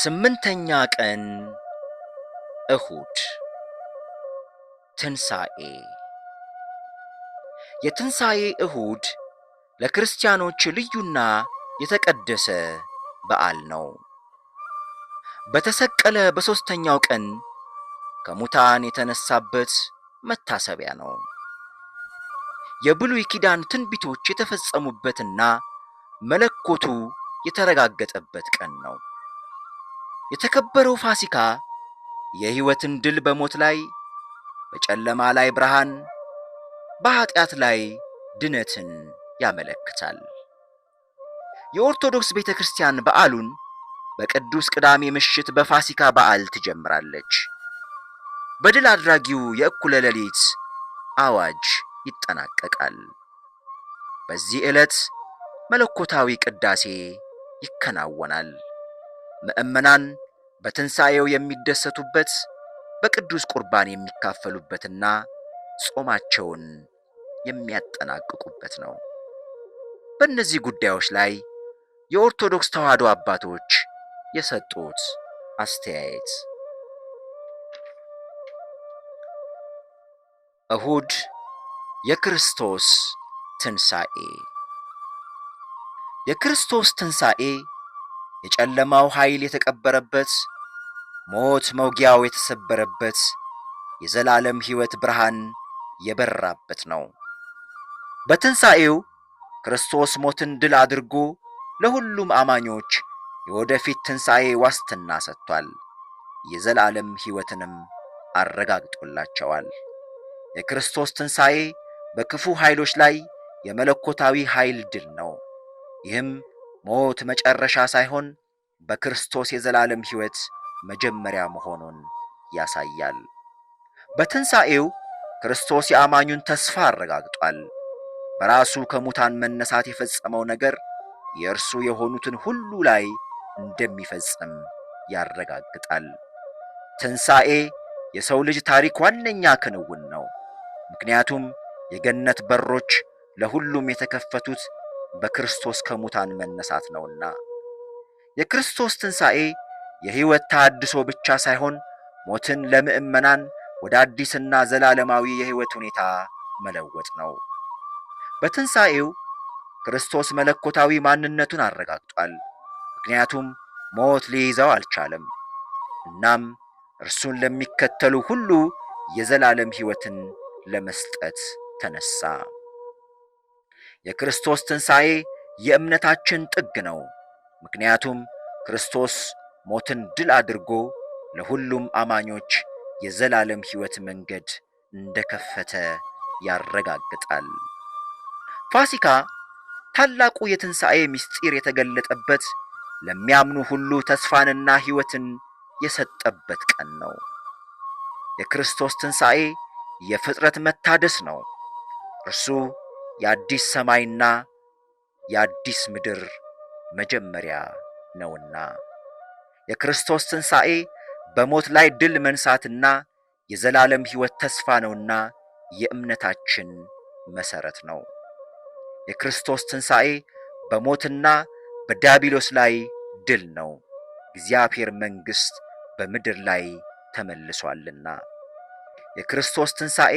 ስምንተኛ ቀን እሁድ ትንሣኤ። የትንሣኤ እሁድ ለክርስቲያኖች ልዩና የተቀደሰ በዓል ነው። በተሰቀለ በሦስተኛው ቀን ከሙታን የተነሳበት መታሰቢያ ነው። የብሉይ ኪዳን ትንቢቶች የተፈጸሙበትና መለኮቱ የተረጋገጠበት ቀን ነው። የተከበረው ፋሲካ የሕይወትን ድል በሞት ላይ፣ በጨለማ ላይ ብርሃን፣ በኃጢአት ላይ ድነትን ያመለክታል። የኦርቶዶክስ ቤተ ክርስቲያን በዓሉን በቅዱስ ቅዳሜ ምሽት በፋሲካ በዓል ትጀምራለች። በድል አድራጊው የእኩለ ሌሊት አዋጅ ይጠናቀቃል። በዚህ ዕለት መለኮታዊ ቅዳሴ ይከናወናል። ምእመናን በትንሣኤው የሚደሰቱበት በቅዱስ ቁርባን የሚካፈሉበትና ጾማቸውን የሚያጠናቅቁበት ነው። በእነዚህ ጉዳዮች ላይ የኦርቶዶክስ ተዋሕዶ አባቶች የሰጡት አስተያየት እሁድ የክርስቶስ ትንሣኤ የክርስቶስ ትንሣኤ የጨለማው ኃይል የተቀበረበት፣ ሞት መውጊያው የተሰበረበት፣ የዘላለም ሕይወት ብርሃን የበራበት ነው። በትንሣኤው ክርስቶስ ሞትን ድል አድርጎ ለሁሉም አማኞች የወደፊት ትንሣኤ ዋስትና ሰጥቷል። የዘላለም ሕይወትንም አረጋግጦላቸዋል። የክርስቶስ ትንሣኤ በክፉ ኃይሎች ላይ የመለኮታዊ ኃይል ድል ነው። ይህም ሞት መጨረሻ ሳይሆን በክርስቶስ የዘላለም ሕይወት መጀመሪያ መሆኑን ያሳያል። በትንሣኤው ክርስቶስ የአማኙን ተስፋ አረጋግጧል። በራሱ ከሙታን መነሳት የፈጸመው ነገር የእርሱ የሆኑትን ሁሉ ላይ እንደሚፈጽም ያረጋግጣል። ትንሣኤ የሰው ልጅ ታሪክ ዋነኛ ክንውን ነው። ምክንያቱም የገነት በሮች ለሁሉም የተከፈቱት በክርስቶስ ከሙታን መነሳት ነውና የክርስቶስ ትንሣኤ የሕይወት ተሃድሶ ብቻ ሳይሆን ሞትን ለምእመናን ወደ አዲስና ዘላለማዊ የሕይወት ሁኔታ መለወጥ ነው። በትንሣኤው ክርስቶስ መለኮታዊ ማንነቱን አረጋግጧል። ምክንያቱም ሞት ሊይዘው አልቻለም። እናም እርሱን ለሚከተሉ ሁሉ የዘላለም ሕይወትን ለመስጠት ተነሳ። የክርስቶስ ትንሣኤ የእምነታችን ጥግ ነው። ምክንያቱም ክርስቶስ ሞትን ድል አድርጎ ለሁሉም አማኞች የዘላለም ሕይወት መንገድ እንደከፈተ ያረጋግጣል። ፋሲካ ታላቁ የትንሣኤ ምስጢር የተገለጠበት ለሚያምኑ ሁሉ ተስፋንና ሕይወትን የሰጠበት ቀን ነው። የክርስቶስ ትንሣኤ የፍጥረት መታደስ ነው። እርሱ የአዲስ ሰማይና የአዲስ ምድር መጀመሪያ ነውና የክርስቶስ ትንሣኤ በሞት ላይ ድል መንሳትና የዘላለም ሕይወት ተስፋ ነውና የእምነታችን መሠረት ነው። የክርስቶስ ትንሣኤ በሞትና በዲያብሎስ ላይ ድል ነው። እግዚአብሔር መንግሥት በምድር ላይ ተመልሷልና የክርስቶስ ትንሣኤ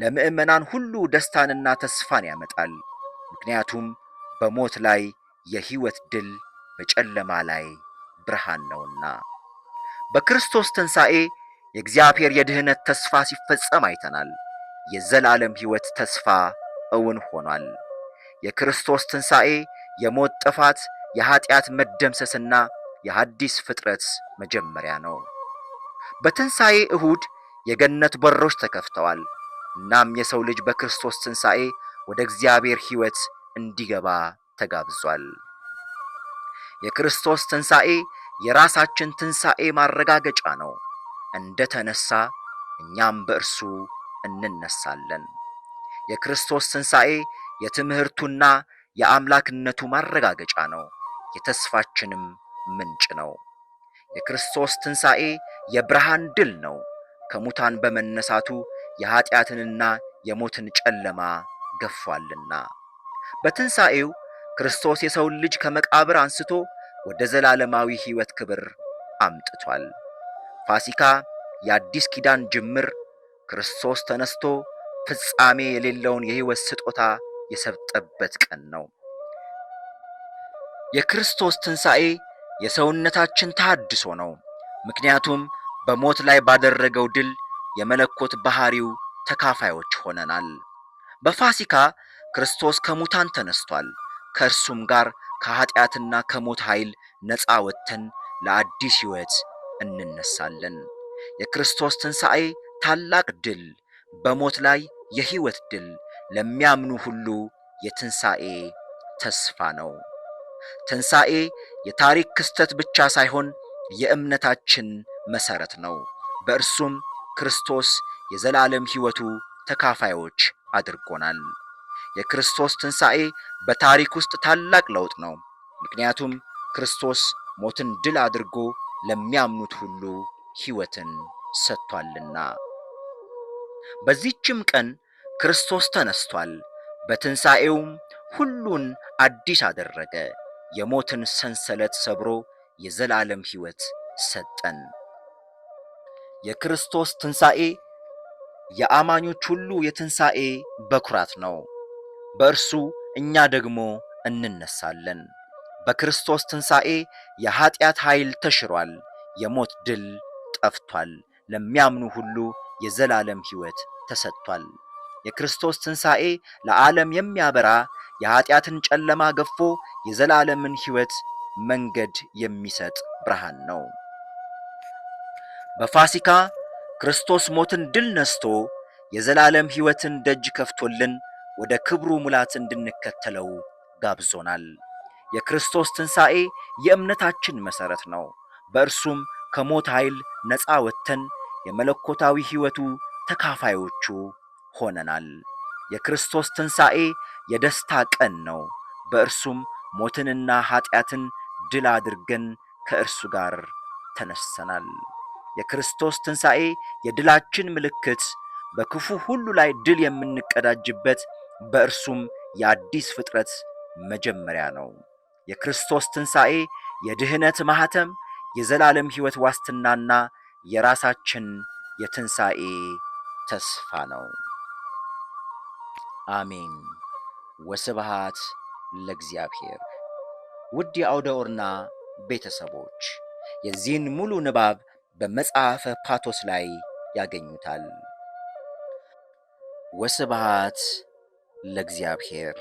ለምእመናን ሁሉ ደስታንና ተስፋን ያመጣል። ምክንያቱም በሞት ላይ የሕይወት ድል፣ በጨለማ ላይ ብርሃን ነውና። በክርስቶስ ትንሣኤ የእግዚአብሔር የድኅነት ተስፋ ሲፈጸም አይተናል። የዘላለም ሕይወት ተስፋ እውን ሆኗል። የክርስቶስ ትንሣኤ የሞት ጥፋት፣ የኀጢአት መደምሰስና የሐዲስ ፍጥረት መጀመሪያ ነው። በትንሣኤ እሁድ የገነት በሮች ተከፍተዋል። እናም የሰው ልጅ በክርስቶስ ትንሣኤ ወደ እግዚአብሔር ሕይወት እንዲገባ ተጋብዟል። የክርስቶስ ትንሣኤ የራሳችን ትንሣኤ ማረጋገጫ ነው። እንደ ተነሳ እኛም በእርሱ እንነሳለን። የክርስቶስ ትንሣኤ የትምህርቱና የአምላክነቱ ማረጋገጫ ነው። የተስፋችንም ምንጭ ነው። የክርስቶስ ትንሣኤ የብርሃን ድል ነው። ከሙታን በመነሳቱ የኀጢአትንና የሞትን ጨለማ ገፏልና። በትንሣኤው ክርስቶስ የሰውን ልጅ ከመቃብር አንስቶ ወደ ዘላለማዊ ሕይወት ክብር አምጥቷል። ፋሲካ የአዲስ ኪዳን ጅምር፣ ክርስቶስ ተነስቶ ፍጻሜ የሌለውን የሕይወት ስጦታ የሰጠበት ቀን ነው። የክርስቶስ ትንሣኤ የሰውነታችን ታድሶ ነው። ምክንያቱም በሞት ላይ ባደረገው ድል የመለኮት ባህሪው ተካፋዮች ሆነናል። በፋሲካ ክርስቶስ ከሙታን ተነስቷል። ከእርሱም ጋር ከኃጢአትና ከሞት ኃይል ነፃ ወጥተን ለአዲስ ሕይወት እንነሳለን። የክርስቶስ ትንሣኤ ታላቅ ድል፣ በሞት ላይ የሕይወት ድል፣ ለሚያምኑ ሁሉ የትንሣኤ ተስፋ ነው። ትንሣኤ የታሪክ ክስተት ብቻ ሳይሆን የእምነታችን መሠረት ነው። በእርሱም ክርስቶስ የዘላለም ሕይወቱ ተካፋዮች አድርጎናል። የክርስቶስ ትንሣኤ በታሪክ ውስጥ ታላቅ ለውጥ ነው። ምክንያቱም ክርስቶስ ሞትን ድል አድርጎ ለሚያምኑት ሁሉ ሕይወትን ሰጥቷልና። በዚህችም ቀን ክርስቶስ ተነስቷል። በትንሣኤውም ሁሉን አዲስ አደረገ። የሞትን ሰንሰለት ሰብሮ የዘላለም ሕይወት ሰጠን። የክርስቶስ ትንሣኤ የአማኞች ሁሉ የትንሣኤ በኩራት ነው። በእርሱ እኛ ደግሞ እንነሳለን። በክርስቶስ ትንሣኤ የኀጢአት ኃይል ተሽሯል። የሞት ድል ጠፍቷል። ለሚያምኑ ሁሉ የዘላለም ሕይወት ተሰጥቷል። የክርስቶስ ትንሣኤ ለዓለም የሚያበራ የኀጢአትን ጨለማ ገፎ የዘላለምን ሕይወት መንገድ የሚሰጥ ብርሃን ነው። በፋሲካ ክርስቶስ ሞትን ድል ነስቶ የዘላለም ሕይወትን ደጅ ከፍቶልን ወደ ክብሩ ሙላት እንድንከተለው ጋብዞናል። የክርስቶስ ትንሣኤ የእምነታችን መሠረት ነው። በእርሱም ከሞት ኃይል ነፃ ወጥተን የመለኮታዊ ሕይወቱ ተካፋዮቹ ሆነናል። የክርስቶስ ትንሣኤ የደስታ ቀን ነው። በእርሱም ሞትንና ኀጢአትን ድል አድርገን ከእርሱ ጋር ተነሰናል። የክርስቶስ ትንሣኤ የድላችን ምልክት፣ በክፉ ሁሉ ላይ ድል የምንቀዳጅበት በእርሱም የአዲስ ፍጥረት መጀመሪያ ነው። የክርስቶስ ትንሣኤ የድህነት ማኅተም፣ የዘላለም ሕይወት ዋስትናና የራሳችን የትንሣኤ ተስፋ ነው። አሜን። ወስብሃት ለእግዚአብሔር። ውድ የአውደ ኦርና ቤተሰቦች የዚህን ሙሉ ንባብ በመጽሐፈ ፓቶስ ላይ ያገኙታል። ወስብሐት ለእግዚአብሔር።